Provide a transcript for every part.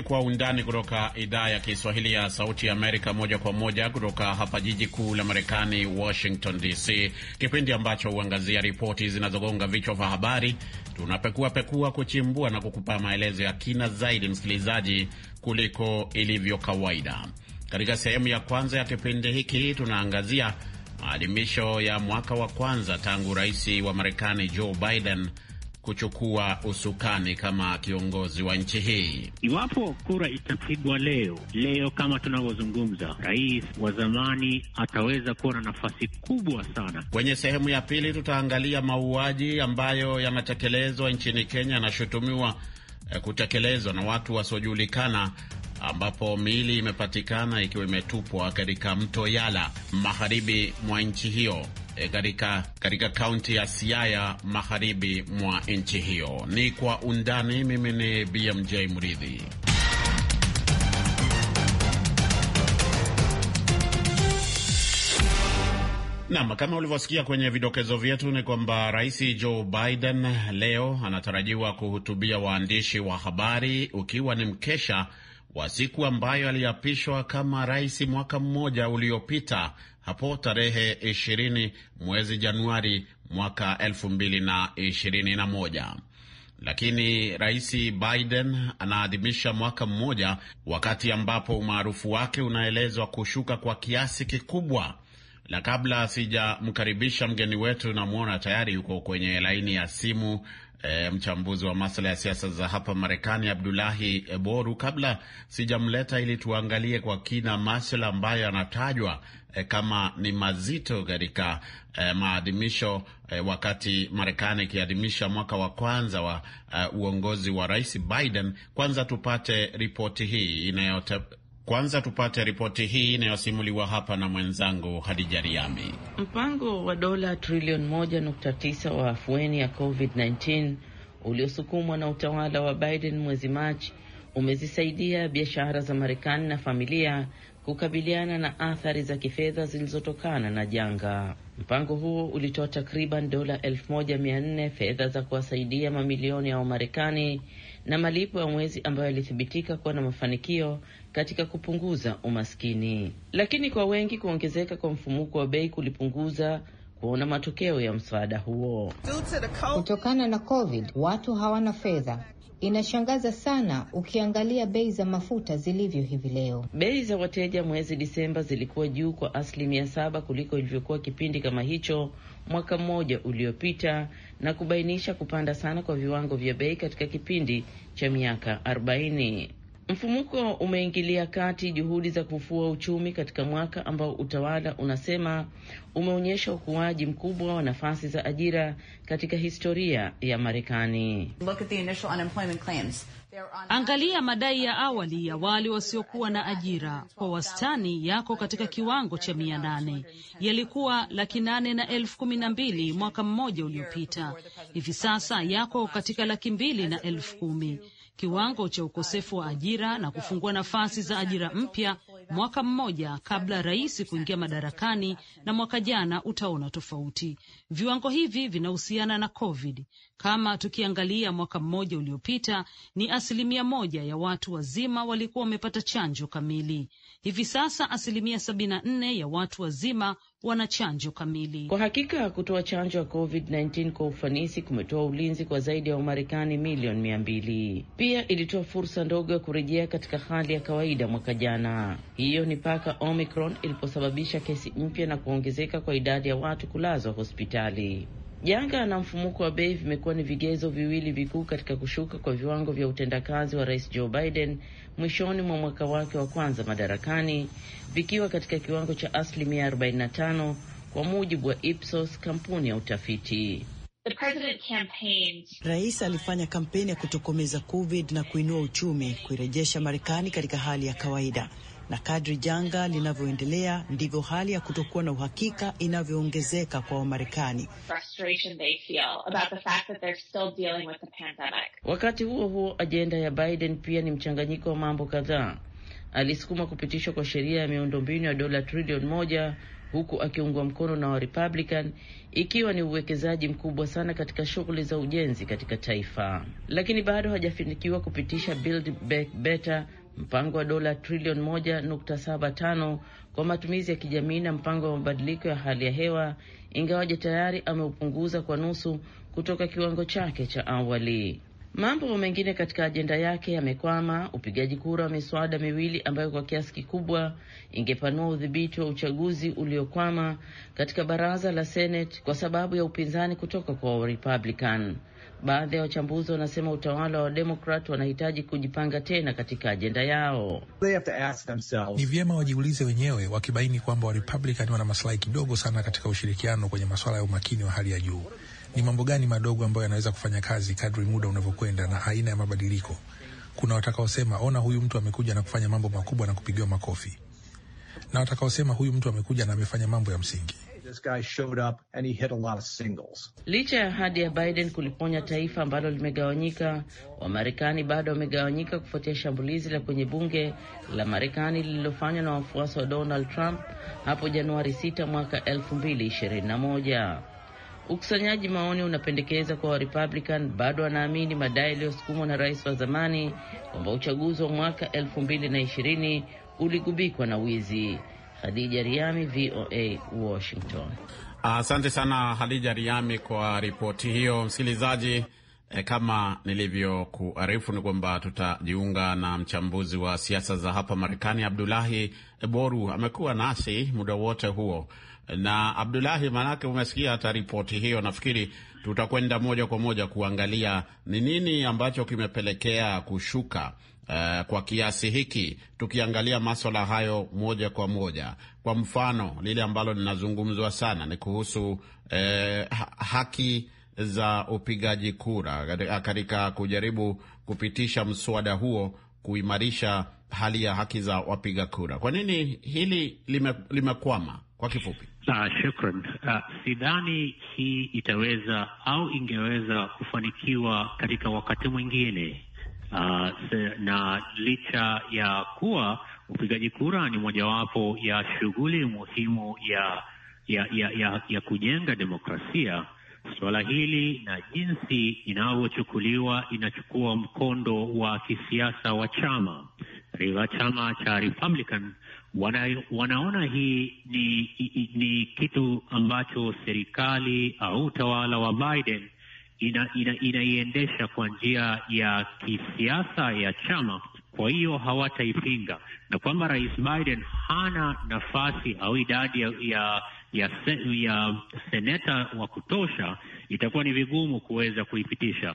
ni Kwa Undani kutoka idhaa ya Kiswahili ya Sauti ya Amerika, moja kwa moja kutoka hapa jiji kuu la Marekani, Washington DC, kipindi ambacho huangazia ripoti zinazogonga vichwa vya habari. Tunapekuapekua, kuchimbua na kukupa maelezo ya kina zaidi, msikilizaji, kuliko ilivyo kawaida. Katika sehemu ya kwanza ya kipindi hiki tunaangazia maadhimisho ya mwaka wa kwanza tangu rais wa Marekani Joe Biden kuchukua usukani kama kiongozi wa nchi hii. Iwapo kura itapigwa leo leo, kama tunavyozungumza, rais wa zamani ataweza kuwa na nafasi kubwa sana. Kwenye sehemu ya pili, tutaangalia mauaji ambayo yanatekelezwa nchini Kenya, yanashutumiwa eh, kutekelezwa na watu wasiojulikana ambapo miili imepatikana ikiwa imetupwa katika mto Yala magharibi mwa nchi hiyo. Eh, katika kaunti ya Siaya magharibi mwa nchi hiyo. Ni kwa undani. Mimi ni BMJ Mridhi. Nam, kama ulivyosikia kwenye vidokezo vyetu ni kwamba Rais Joe Biden leo anatarajiwa kuhutubia waandishi wa habari ukiwa ni mkesha wa siku ambayo aliapishwa kama rais mwaka mmoja uliopita hapo tarehe 20 mwezi Januari mwaka 2021 lakini Rais Biden anaadhimisha mwaka mmoja wakati ambapo umaarufu wake unaelezwa kushuka kwa kiasi kikubwa. Na kabla sijamkaribisha mgeni wetu, namwona tayari yuko kwenye laini ya simu e, mchambuzi wa masuala ya siasa za hapa Marekani Abdulahi Boru. Kabla sijamleta ili tuangalie kwa kina masuala ambayo yanatajwa eh, kama ni mazito katika eh, maadhimisho eh, wakati Marekani ikiadhimisha mwaka wa kwanza wa eh, uongozi wa Rais Biden. Kwanza tupate ripoti hii inayote kwanza tupate ripoti hii inayosimuliwa hapa na mwenzangu Hadija Riami. Mpango wa dola trilioni 1.9 wa afueni ya COVID-19 uliosukumwa na utawala wa Biden mwezi Machi umezisaidia biashara za Marekani na familia kukabiliana na athari za kifedha zilizotokana na janga. Mpango huo ulitoa takriban dola 1400 fedha za kuwasaidia mamilioni ya Wamarekani na malipo ya mwezi ambayo yalithibitika kuwa na mafanikio katika kupunguza umaskini. Lakini kwa wengi, kuongezeka kwa mfumuko wa bei kulipunguza kuona matokeo ya msaada huo. Kutokana na COVID, watu hawana fedha Inashangaza sana ukiangalia bei za mafuta zilivyo hivi leo. Bei za wateja mwezi Disemba zilikuwa juu kwa asilimia saba kuliko ilivyokuwa kipindi kama hicho mwaka mmoja uliopita, na kubainisha kupanda sana kwa viwango vya bei katika kipindi cha miaka arobaini. Mfumuko umeingilia kati juhudi za kufua uchumi katika mwaka ambao utawala unasema umeonyesha ukuaji mkubwa wa nafasi za ajira katika historia ya Marekani. Angalia madai ya awali ya wale wasiokuwa na ajira, kwa wastani yako katika kiwango cha mia nane. Yalikuwa laki nane na elfu kumi na mbili mwaka mmoja uliopita, hivi sasa yako katika laki mbili na elfu kumi kiwango cha ukosefu wa ajira na kufungua nafasi za ajira mpya mwaka mmoja kabla rais kuingia madarakani na mwaka jana utaona tofauti. Viwango hivi vinahusiana na COVID. Kama tukiangalia mwaka mmoja uliopita, ni asilimia moja ya watu wazima walikuwa wamepata chanjo kamili. Hivi sasa asilimia sabini na nne ya watu wazima wana chanjo kamili. Kwa hakika kutoa chanjo ya COVID-19 kwa ufanisi kumetoa ulinzi kwa zaidi ya Wamarekani milioni mia mbili. Pia ilitoa fursa ndogo ya kurejea katika hali ya kawaida mwaka jana. Hiyo ni paka Omicron iliposababisha kesi mpya na kuongezeka kwa idadi ya watu kulazwa hospitali. Janga na mfumuko wa bei vimekuwa ni vigezo viwili vikuu katika kushuka kwa viwango vya utendakazi wa Rais Joe Biden mwishoni mwa mwaka wake wa kwanza madarakani, vikiwa katika kiwango cha asilimia 45 kwa mujibu wa Ipsos, kampuni ya utafiti. Rais alifanya kampeni ya kutokomeza COVID na kuinua uchumi, kuirejesha Marekani katika hali ya kawaida na kadri janga linavyoendelea ndivyo hali ya kutokuwa na uhakika inavyoongezeka kwa Wamarekani. Wakati huo huo, ajenda ya Biden pia ni mchanganyiko wa mambo kadhaa. Alisukuma kupitishwa kwa sheria ya miundombinu ya dola trilioni moja huku akiungwa mkono na Warepublican ikiwa ni uwekezaji mkubwa sana katika shughuli za ujenzi katika taifa, lakini bado hajafanikiwa kupitisha Build Back Better mpango wa dola trilioni 1.75 kwa matumizi ya kijamii na mpango wa mabadiliko ya hali ya hewa, ingawaje tayari ameupunguza kwa nusu kutoka kiwango chake cha awali. Mambo mengine katika ajenda yake yamekwama: upigaji kura wa miswada miwili ambayo kwa kiasi kikubwa ingepanua udhibiti wa uchaguzi uliokwama katika baraza la seneti kwa sababu ya upinzani kutoka kwa Warepublican. Baadhi ya wachambuzi wanasema utawala wa Demokrat wanahitaji kujipanga tena katika ajenda yao. Ni vyema wajiulize wenyewe, wakibaini kwamba Warepublican wana masilahi kidogo sana katika ushirikiano kwenye masuala ya umakini wa hali ya juu. Ni mambo gani madogo ambayo yanaweza kufanya kazi kadri muda unavyokwenda na aina ya mabadiliko? Kuna watakaosema, ona, huyu mtu amekuja na kufanya mambo makubwa na kupigiwa makofi na watakaosema huyu mtu amekuja na amefanya mambo ya msingi. Licha ya ahadi ya Biden kuliponya taifa ambalo limegawanyika, Wamarekani bado wamegawanyika kufuatia shambulizi la kwenye bunge la Marekani lililofanywa na wafuasi wa Donald Trump hapo Januari 6 mwaka 2021. Ukusanyaji maoni unapendekeza kwa Warepublican bado wanaamini madai yaliyosukumwa na rais wa zamani kwamba uchaguzi wa mwaka 2020 uligubikwa na wizi. Hadija Riami, VOA Washington. Asante sana hadija Riami kwa ripoti hiyo. Msikilizaji, e, kama nilivyokuarifu ni kwamba tutajiunga na mchambuzi wa siasa za hapa Marekani, Abdulahi Boru. Amekuwa nasi muda wote huo na Abdulahi, maanake umesikia hata ripoti hiyo. Nafikiri tutakwenda moja kwa moja kuangalia ni nini ambacho kimepelekea kushuka uh, kwa kiasi hiki, tukiangalia maswala hayo moja kwa moja. Kwa mfano lile ambalo linazungumzwa sana ni kuhusu eh, haki za upigaji kura katika kujaribu kupitisha mswada huo kuimarisha hali ya haki za wapiga kura. Kwa nini hili limekwama? Lime kwa kifupi. Uh, shukran. Uh, sidhani hii itaweza au ingeweza kufanikiwa katika wakati mwingine Uh, na licha ya kuwa upigaji kura ni mojawapo ya shughuli muhimu ya ya, ya, ya, ya kujenga demokrasia, suala hili na jinsi inavyochukuliwa inachukua mkondo wa kisiasa wa chama katika chama cha Republican wana, wanaona hii ni, ni, ni kitu ambacho serikali au utawala wa Biden inaiendesha ina, ina kwa njia ya kisiasa ya chama. Kwa hiyo hawataipinga, na kwamba Rais Biden hana nafasi au idadi ya, ya, ya, ya seneta wa kutosha, itakuwa ni vigumu kuweza kuipitisha.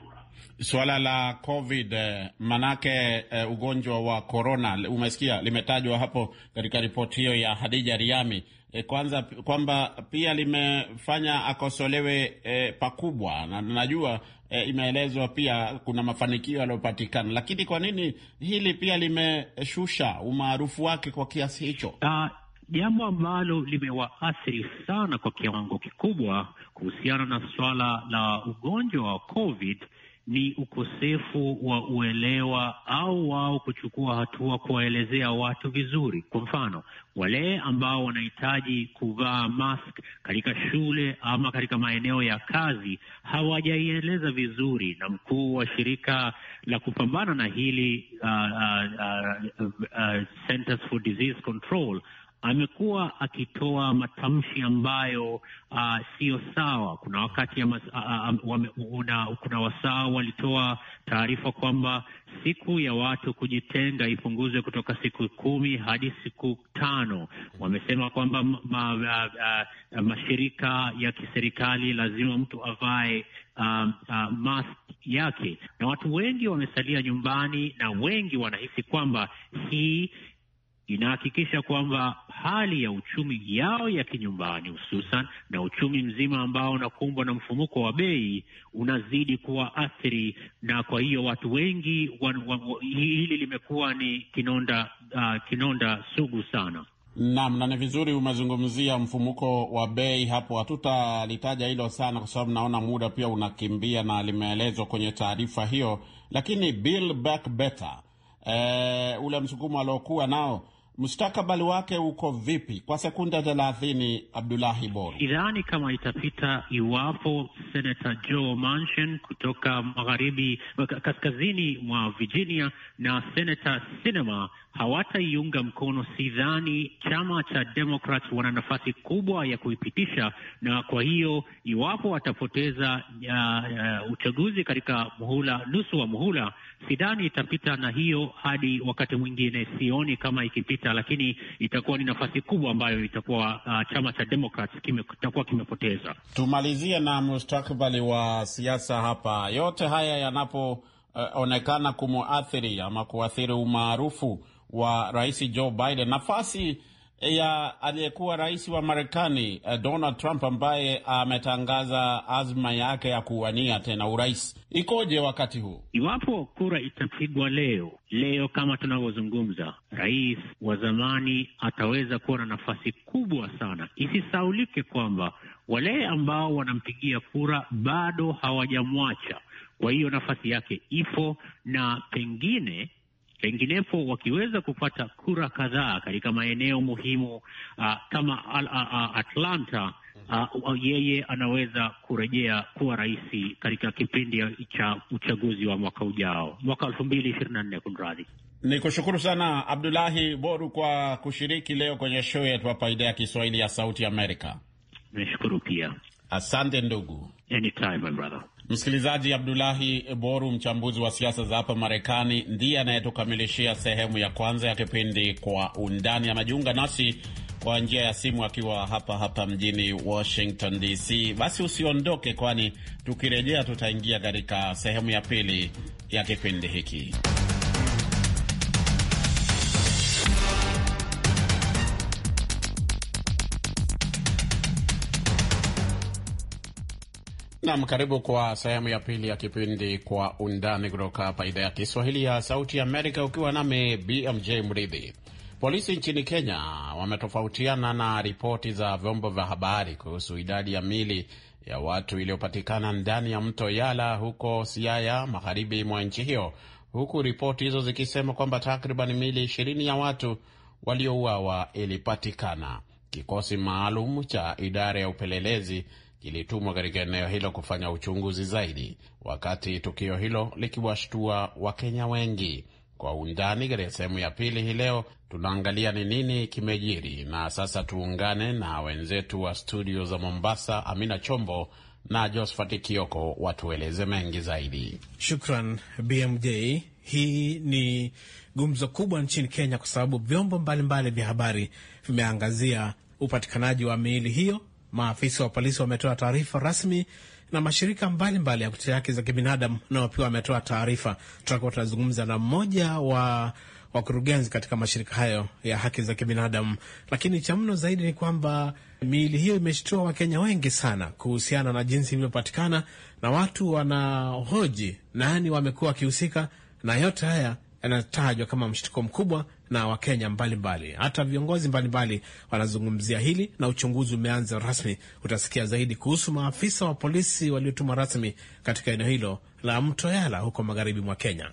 Suala la COVID eh, manake, uh, ugonjwa wa korona umesikia limetajwa hapo katika ripoti hiyo ya Hadija Riami e, kwanza kwamba pia limefanya akosolewe e, pakubwa, na najua e, imeelezwa pia kuna mafanikio yaliyopatikana, lakini kwa nini hili pia limeshusha umaarufu wake kwa kiasi hicho? Uh, jambo ambalo limewaathiri sana kwa kiwango kikubwa kuhusiana na swala la ugonjwa wa COVID ni ukosefu wa uelewa au wao kuchukua hatua kuwaelezea watu vizuri. Kwa mfano, wale ambao wanahitaji kuvaa mask katika shule ama katika maeneo ya kazi hawajaieleza vizuri, na mkuu wa shirika la kupambana na hili uh, uh, uh, uh, Centers for Disease Control amekuwa akitoa matamshi ambayo uh, siyo sawa. Kuna wakati ya mas, uh, wame, una, kuna wasaa walitoa taarifa kwamba siku ya watu kujitenga ipunguzwe kutoka siku kumi hadi siku tano. Wamesema kwamba ma, ma, ma, ma, ah, mashirika ya kiserikali lazima mtu avae Uh, uh, mask yake na watu wengi wamesalia nyumbani na wengi wanahisi kwamba hii inahakikisha kwamba hali ya uchumi yao ya kinyumbani hususan na uchumi mzima ambao unakumbwa na mfumuko wa bei unazidi kuwa athiri, na kwa hiyo watu wengi wan, wan, wan, hili limekuwa ni kinonda uh, kinonda sugu sana. Naam, na ni vizuri umezungumzia mfumuko wa bei hapo. Hatutalitaja hilo sana kwa sababu naona muda pia unakimbia na limeelezwa kwenye taarifa hiyo, lakini Build Back Better, eh, ule msukumo aliokuwa nao mustakabali wake uko vipi? Kwa sekunde thelathini, Abdulahi Boru. Idhani kama itapita iwapo Senata Joe Manchin kutoka magharibi kaskazini mwa Virginia na Senata Sinema hawataiunga mkono, sidhani chama cha Demokrat wana nafasi kubwa ya kuipitisha. Na kwa hiyo iwapo watapoteza uh, uh, uchaguzi katika muhula, nusu wa muhula, sidhani itapita, na hiyo hadi wakati mwingine sioni kama ikipita, lakini itakuwa ni nafasi kubwa ambayo itakuwa uh, chama cha Demokrat kitakuwa kime, kimepoteza. Tumalizie na mustakbali wa siasa hapa, yote haya yanapoonekana uh, onekana kumwathiri ama kuathiri umaarufu wa rais Joe Biden, nafasi eh, ya aliyekuwa rais wa Marekani eh, Donald Trump ambaye ametangaza azma yake ya kuwania tena urais ikoje wakati huu? Iwapo kura itapigwa leo leo, kama tunavyozungumza, rais wa zamani ataweza kuwa na nafasi kubwa sana. Isisaulike kwamba wale ambao wanampigia kura bado hawajamwacha, kwa hiyo nafasi yake ipo na pengine penginepo wakiweza kupata kura kadhaa katika maeneo muhimu uh, kama uh, uh, Atlanta uh, yeye anaweza kurejea kuwa rais katika kipindi cha uchaguzi wa mwaka ujao mwaka elfu mbili ishirini na nne. Kunradhi. Ni kushukuru sana Abdulahi Boru kwa kushiriki leo kwenye show yetu hapa idhaa ya Kiswahili ya Sauti Amerika. Nashukuru pia, asante ndugu. Anytime, my brother. Msikilizaji, Abdulahi Boru, mchambuzi wa siasa za hapa Marekani, ndiye anayetukamilishia sehemu ya kwanza ya kipindi Kwa Undani. Amejiunga nasi kwa njia ya simu akiwa hapa hapa mjini Washington DC. Basi usiondoke, kwani tukirejea tutaingia katika sehemu ya pili ya kipindi hiki. Nam, karibu kwa sehemu ya pili ya kipindi Kwa Undani kutoka hapa idhaa ya Kiswahili ya Sauti Amerika, ukiwa nami BMJ Mridhi. Polisi nchini Kenya wametofautiana na ripoti za vyombo vya habari kuhusu idadi ya mili ya watu iliyopatikana ndani ya mto Yala huko Siaya, magharibi mwa nchi hiyo, huku ripoti hizo zikisema kwamba takriban mili ishirini ya watu waliouawa ilipatikana. Kikosi maalum cha idara ya upelelezi ilitumwa katika eneo hilo kufanya uchunguzi zaidi, wakati tukio hilo likiwashtua Wakenya wengi. Kwa undani katika sehemu ya pili hii leo tunaangalia ni nini kimejiri, na sasa tuungane na wenzetu wa studio za Mombasa, Amina Chombo na Josphat Kioko watueleze mengi zaidi. Shukran BMJ. Hii ni gumzo kubwa nchini Kenya kwa sababu vyombo mbalimbali vya habari vimeangazia upatikanaji wa miili hiyo Maafisa wa polisi wametoa taarifa rasmi na mashirika mbalimbali mbali ya kutetea haki za kibinadamu nao pia wametoa taarifa. Tutakuwa tunazungumza na mmoja wa wakurugenzi katika mashirika hayo ya haki za kibinadamu. Lakini cha mno zaidi ni kwamba miili hiyo imeshtua Wakenya wengi sana kuhusiana na jinsi ilivyopatikana, na watu wanahoji nani wamekuwa wakihusika, na yote haya yanatajwa kama mshtuko mkubwa na Wakenya mbalimbali mbali. Hata viongozi mbalimbali wanazungumzia hili na uchunguzi umeanza rasmi. Utasikia zaidi kuhusu maafisa wa polisi waliotumwa rasmi katika eneo hilo la Mto Yala huko magharibi mwa Kenya.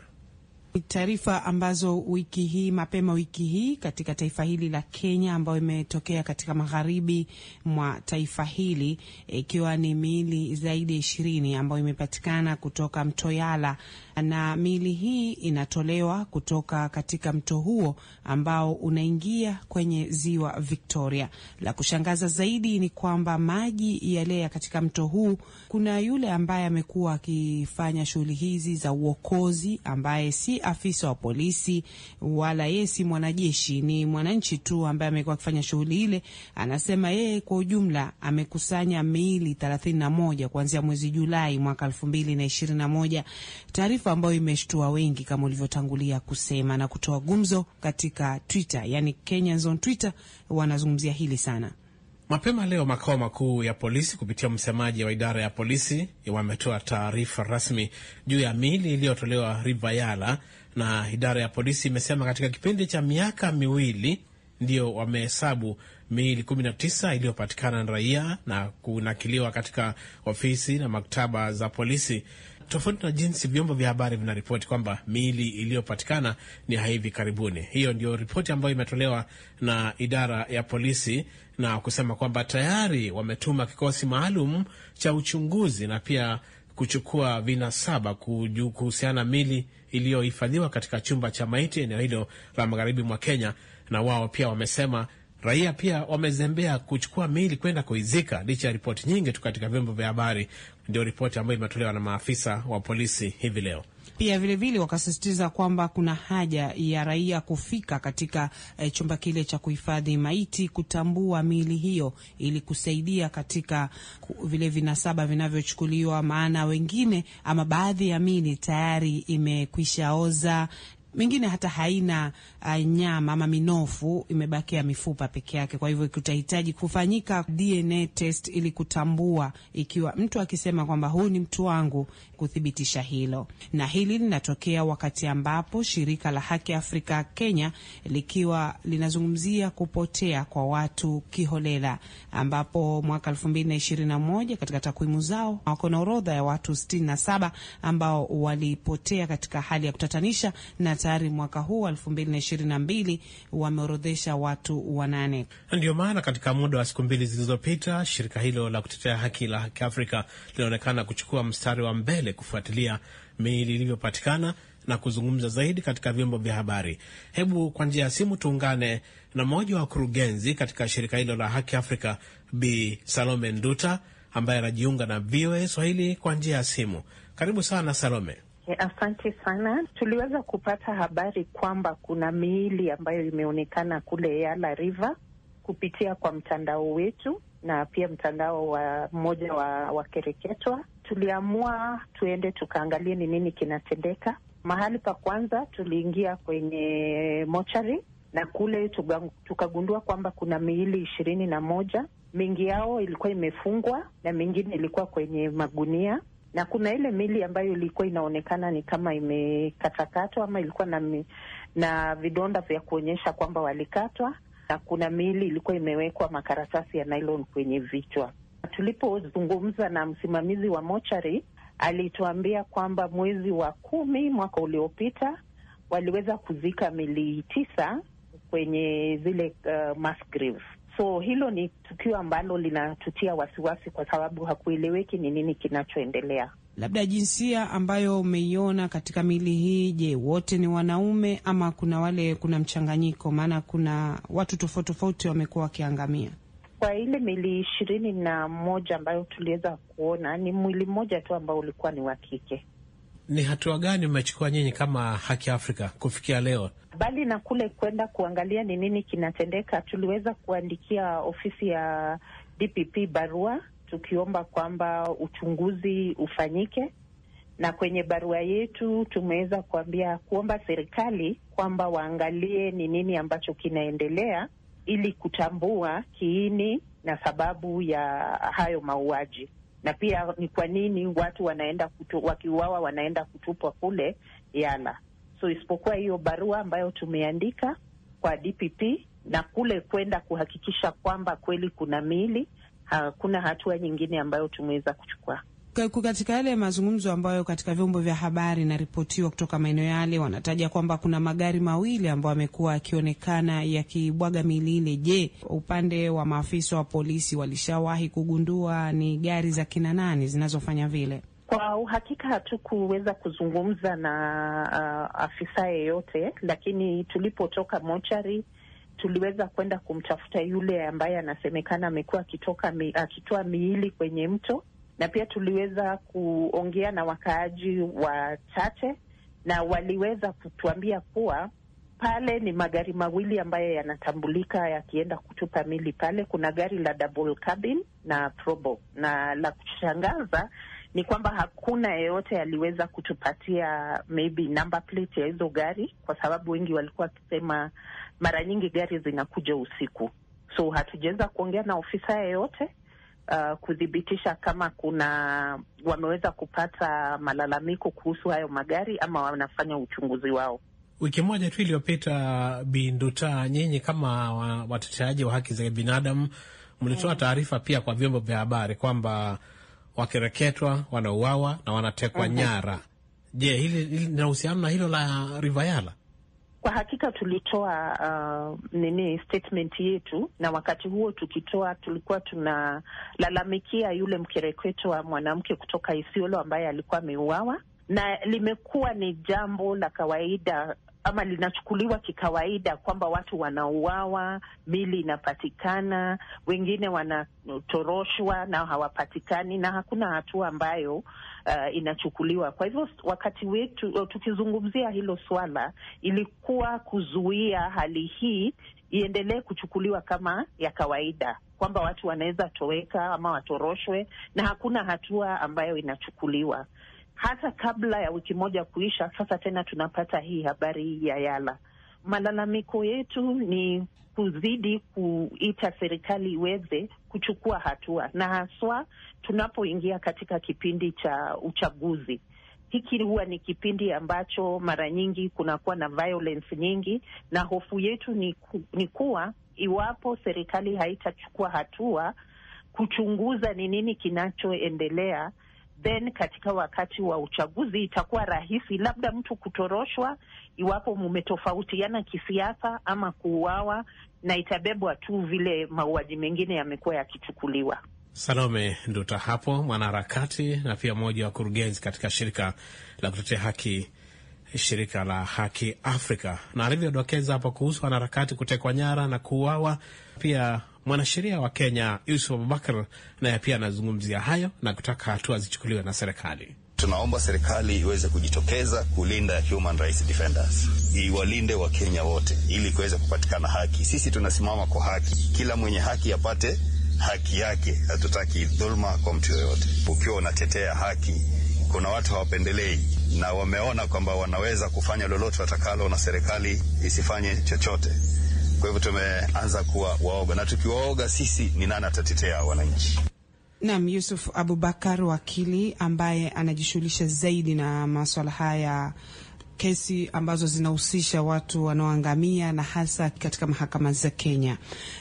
Taarifa ambazo wiki hii mapema wiki hii katika taifa hili la Kenya ambayo imetokea katika magharibi mwa taifa hili ikiwa e, ni miili zaidi ya ishirini ambayo imepatikana kutoka mto Yala, na miili hii inatolewa kutoka katika mto huo ambao unaingia kwenye ziwa Victoria. La kushangaza zaidi ni kwamba maji yalea katika mto huu, kuna yule ambaye amekuwa akifanya shughuli hizi za uokozi ambaye si afisa wa polisi wala yeye si mwanajeshi, ni mwananchi tu ambaye amekuwa akifanya shughuli ile. Anasema yeye kwa ujumla amekusanya miili 31 kuanzia mwezi Julai mwaka 2021, taarifa ambayo imeshtua wengi kama ulivyotangulia kusema na kutoa gumzo katika Twitter, yani Kenyans on Twitter wanazungumzia hili sana. Mapema leo makao makuu ya polisi kupitia msemaji wa idara ya polisi wametoa taarifa rasmi juu ya miili iliyotolewa Rivayala, na idara ya polisi imesema katika kipindi cha miaka miwili ndio wamehesabu miili 19 iliyopatikana na raia na kunakiliwa katika ofisi na maktaba za polisi, tofauti na jinsi vyombo vya habari vinaripoti kwamba miili iliyopatikana ni hivi karibuni. Hiyo ndio ripoti ambayo imetolewa na idara ya polisi na kusema kwamba tayari wametuma kikosi maalum cha uchunguzi na pia kuchukua vinasaba kuhusiana mili iliyohifadhiwa katika chumba cha maiti eneo hilo la magharibi mwa Kenya. Na wao pia wamesema raia pia wamezembea kuchukua mili kwenda kuizika licha ya ripoti nyingi tu katika vyombo vya habari. Ndio ripoti ambayo imetolewa na maafisa wa polisi hivi leo. Pia vilevile wakasisitiza kwamba kuna haja ya raia kufika katika e, chumba kile cha kuhifadhi maiti kutambua miili hiyo ili kusaidia katika vile vinasaba vinavyochukuliwa, maana wengine ama baadhi ya miili tayari imekwisha oza mingine hata haina uh, nyama ama minofu, imebakia mifupa peke yake. Kwa hivyo kutahitaji kufanyika DNA test ili kutambua, ikiwa mtu akisema kwamba huyu ni mtu wangu, kuthibitisha hilo, na hili linatokea wakati ambapo shirika la Haki Afrika Kenya likiwa linazungumzia kupotea kwa watu kiholela, ambapo mwaka 2021 katika takwimu zao wako na orodha ya watu 67 ambao walipotea katika hali ya kutatanisha, na tayari mwaka huu 2022 wameorodhesha watu wanane. Ndio maana katika muda wa siku mbili zilizopita shirika hilo la kutetea haki la Haki Afrika linaonekana kuchukua mstari wa mbele kufuatilia miili ilivyopatikana na kuzungumza zaidi katika vyombo vya habari. Hebu kwa njia ya simu tuungane na mmoja wa wakurugenzi katika shirika hilo la Haki Afrika, Bi Salome Nduta ambaye anajiunga na VOA Swahili kwa njia ya simu. Karibu sana Salome. Eh, asante sana. Tuliweza kupata habari kwamba kuna miili ambayo imeonekana kule Yala River kupitia kwa mtandao wetu na pia mtandao wa mmoja wa wakereketwa tuliamua tuende tukaangalie ni nini kinatendeka. Mahali pa kwanza tuliingia kwenye mochari na kule tukagundua kwamba kuna miili ishirini na moja. Mingi yao ilikuwa imefungwa na mingine ilikuwa kwenye magunia, na kuna ile miili ambayo ilikuwa inaonekana ni kama imekatakatwa ama ilikuwa na, na vidonda vya kuonyesha kwamba walikatwa, na kuna miili ilikuwa imewekwa makaratasi ya nylon kwenye vichwa tulipozungumza na msimamizi wa mochari alituambia kwamba mwezi wa kumi mwaka uliopita waliweza kuzika mili tisa kwenye zile uh, mass So hilo ni tukio ambalo linatutia wasiwasi kwa sababu hakueleweki ni nini kinachoendelea. Labda jinsia ambayo umeiona katika mili hii, je, wote ni wanaume ama kuna wale, kuna mchanganyiko? Maana kuna watu tofauti tofauti wamekuwa wakiangamia kwa ile mili ishirini na moja ambayo tuliweza kuona ni mwili mmoja tu ambao ulikuwa ni wa kike. Ni hatua gani mmechukua nyinyi kama Haki Afrika kufikia leo? Mbali na kule kwenda kuangalia ni nini kinatendeka, tuliweza kuandikia ofisi ya DPP barua tukiomba kwamba uchunguzi ufanyike, na kwenye barua yetu tumeweza kuambia kuomba serikali kwamba waangalie ni nini ambacho kinaendelea ili kutambua kiini na sababu ya hayo mauaji, na pia ni kwa nini watu wanaenda wakiuawa wanaenda kutupwa kule Yala. So isipokuwa hiyo barua ambayo tumeandika kwa DPP na kule kwenda kuhakikisha kwamba kweli kuna miili, hakuna hatua nyingine ambayo tumeweza kuchukua katika yale mazungumzo ambayo katika vyombo vya habari inaripotiwa kutoka maeneo yale, wanataja kwamba kuna magari mawili ambayo yamekuwa yakionekana yakibwaga milile. Je, upande wa maafisa wa polisi walishawahi kugundua ni gari za kina nani zinazofanya vile? Kwa uhakika hatukuweza kuzungumza na uh, afisa yeyote, lakini tulipotoka mochari tuliweza kwenda kumtafuta yule ambaye anasemekana amekuwa akitoa miili kwenye mto na pia tuliweza kuongea na wakaaji wachache na waliweza kutuambia kuwa pale ni magari mawili ambayo yanatambulika yakienda kutupa mili pale. Kuna gari la double cabin na probo, na la kushangaza ni kwamba hakuna yeyote aliweza kutupatia maybe number plate ya hizo gari, kwa sababu wengi walikuwa wakisema mara nyingi gari zinakuja usiku, so hatujaweza kuongea na ofisa yeyote uh, kuthibitisha kama kuna wameweza kupata malalamiko kuhusu hayo magari ama wanafanya uchunguzi wao. Wiki moja tu iliyopita, Binduta, nyinyi kama wateteaji wa haki za binadamu mlitoa mm. taarifa pia kwa vyombo vya habari kwamba wakireketwa wanauawa na wanatekwa mm -hmm. nyara. Je, hili lina uhusiano na hilo la Rivayala? Kwa hakika tulitoa uh, nini statement yetu, na wakati huo tukitoa tulikuwa tunalalamikia yule mkereketo wa mwanamke kutoka Isiolo ambaye alikuwa ameuawa na limekuwa ni jambo la kawaida ama linachukuliwa kikawaida kwamba watu wanauawa, mili inapatikana, wengine wanatoroshwa na hawapatikani, na hakuna hatua ambayo uh, inachukuliwa. Kwa hivyo wakati wetu uh, tukizungumzia hilo swala, ilikuwa kuzuia hali hii iendelee kuchukuliwa kama ya kawaida kwamba watu wanaweza toweka ama watoroshwe na hakuna hatua ambayo inachukuliwa hata kabla ya wiki moja kuisha. Sasa tena tunapata hii habari ya Yala. Malalamiko yetu ni kuzidi kuita serikali iweze kuchukua hatua, na haswa tunapoingia katika kipindi cha uchaguzi. Hiki huwa ni kipindi ambacho mara nyingi kunakuwa na violence nyingi, na hofu yetu ni, ku, ni kuwa iwapo serikali haitachukua hatua kuchunguza ni nini kinachoendelea then katika wakati wa uchaguzi itakuwa rahisi labda mtu kutoroshwa iwapo mumetofautiana kisiasa ama kuuawa, na itabebwa tu vile mauaji mengine yamekuwa yakichukuliwa. Salome Nduta hapo mwanaharakati na pia mmoja wa kurugenzi katika shirika la kutetea haki shirika la Haki Afrika, na alivyodokeza hapo kuhusu wanaharakati kutekwa nyara na kuuawa pia Mwanasheria wa Kenya Yusuf Abubakar naye pia anazungumzia hayo na kutaka hatua zichukuliwe na serikali. Tunaomba serikali iweze kujitokeza kulinda human rights defenders, iwalinde Wakenya wote ili kuweze kupatikana haki. Sisi tunasimama kwa haki, kila mwenye haki apate haki yake. Hatutaki dhuluma kwa mtu yoyote. Ukiwa unatetea haki, kuna watu hawapendelei na wameona kwamba wanaweza kufanya lolote watakalo na serikali isifanye chochote. Kwa hivyo tumeanza kuwa waoga, na tukiwaoga sisi ni nani atatetea wananchi? Naam, Yusuf Abubakar, wakili ambaye anajishughulisha zaidi na maswala haya kesi ambazo zinahusisha watu wanaoangamia na hasa katika mahakama za Kenya.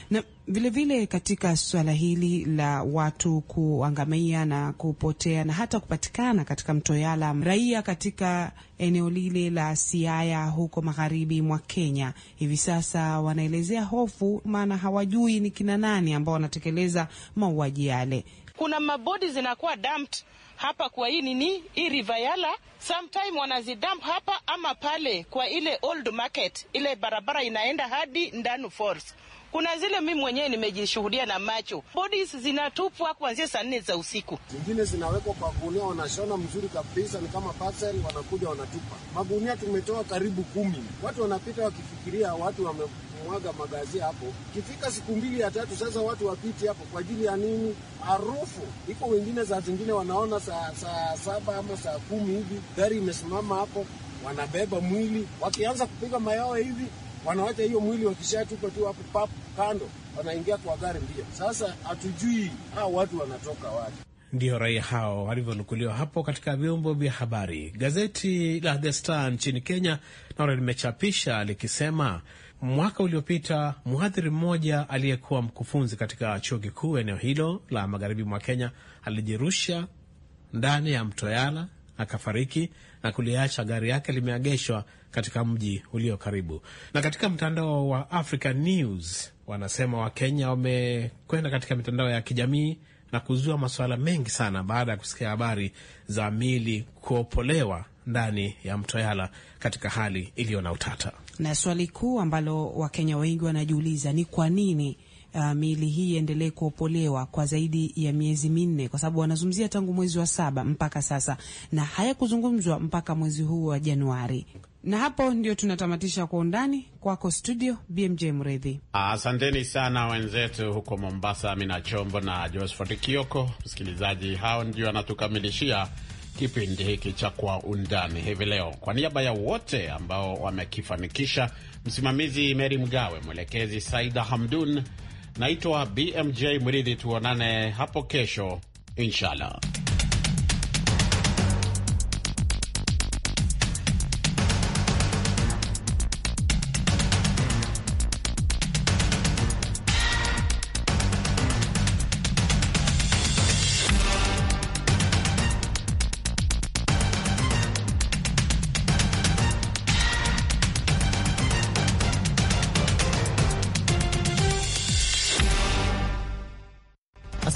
Na Vilevile vile katika suala hili la watu kuangamia na kupotea na hata kupatikana katika mto Yala, raia katika eneo lile la Siaya huko magharibi mwa Kenya hivi sasa wanaelezea hofu, maana hawajui ni kina nani ambao wanatekeleza mauaji yale. Kuna mabodi zinakuwa dumped hapa kwa hii nini hii river Yala, sometime wanazidump hapa ama pale kwa ile old market, ile barabara inaenda hadi Ndanu Falls kuna zile mimi mwenyewe nimejishuhudia na macho, bodies zinatupwa kuanzia saa nne za usiku, zingine zinawekwa kwa gunia, wanashona mzuri kabisa, ni kama parcel, wanakuja wanatupa magunia. Tumetoa karibu kumi, watu wanapita wakifikiria watu wame mwaga magazi hapo. kifika siku mbili ya tatu, sasa watu wapiti hapo kwa ajili ya nini? Harufu iko. Wengine saa zingine wanaona saa saa saba ama saa kumi hivi gari imesimama hapo, wanabeba mwili, wakianza kupiga mayao hivi wanawacha hiyo mwili wakishatupa tu hapo papo kando, wanaingia kwa gari mbio. Sasa hatujui hao watu wanatoka wapi. Ndio raia hao walivyonukuliwa hapo katika vyombo vya habari. Gazeti la The Star nchini Kenya nalo limechapisha likisema mwaka uliopita mhadhiri mmoja aliyekuwa mkufunzi katika chuo kikuu eneo hilo la magharibi mwa Kenya alijirusha ndani ya mto Yala akafariki na kuliacha gari yake limeegeshwa katika mji ulio karibu. Na katika mtandao wa Africa News wanasema Wakenya wamekwenda katika mitandao ya kijamii na kuzua masuala mengi sana baada ya kusikia habari za mili kuopolewa ndani ya mto Yala katika hali iliyo na utata, na swali kuu ambalo Wakenya wengi wanajiuliza ni kwa nini uh, miili hii iendelee kuopolewa kwa zaidi ya miezi minne, kwa sababu wanazungumzia tangu mwezi wa saba mpaka sasa, na hayakuzungumzwa mpaka mwezi huu wa Januari na hapo ndio tunatamatisha kwa undani kwako studio BMJ Mredhi. Asanteni sana wenzetu huko Mombasa, Amina Chombo na Josphat Kioko. Msikilizaji, hao ndio anatukamilishia kipindi hiki cha Kwa Undani hivi leo. Kwa niaba ya wote ambao wamekifanikisha, msimamizi Meri Mgawe, mwelekezi Saida Hamdun, Naitwa BMJ Mridhi, tuonane hapo kesho inshallah.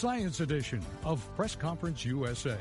Science Edition of Press Conference USA.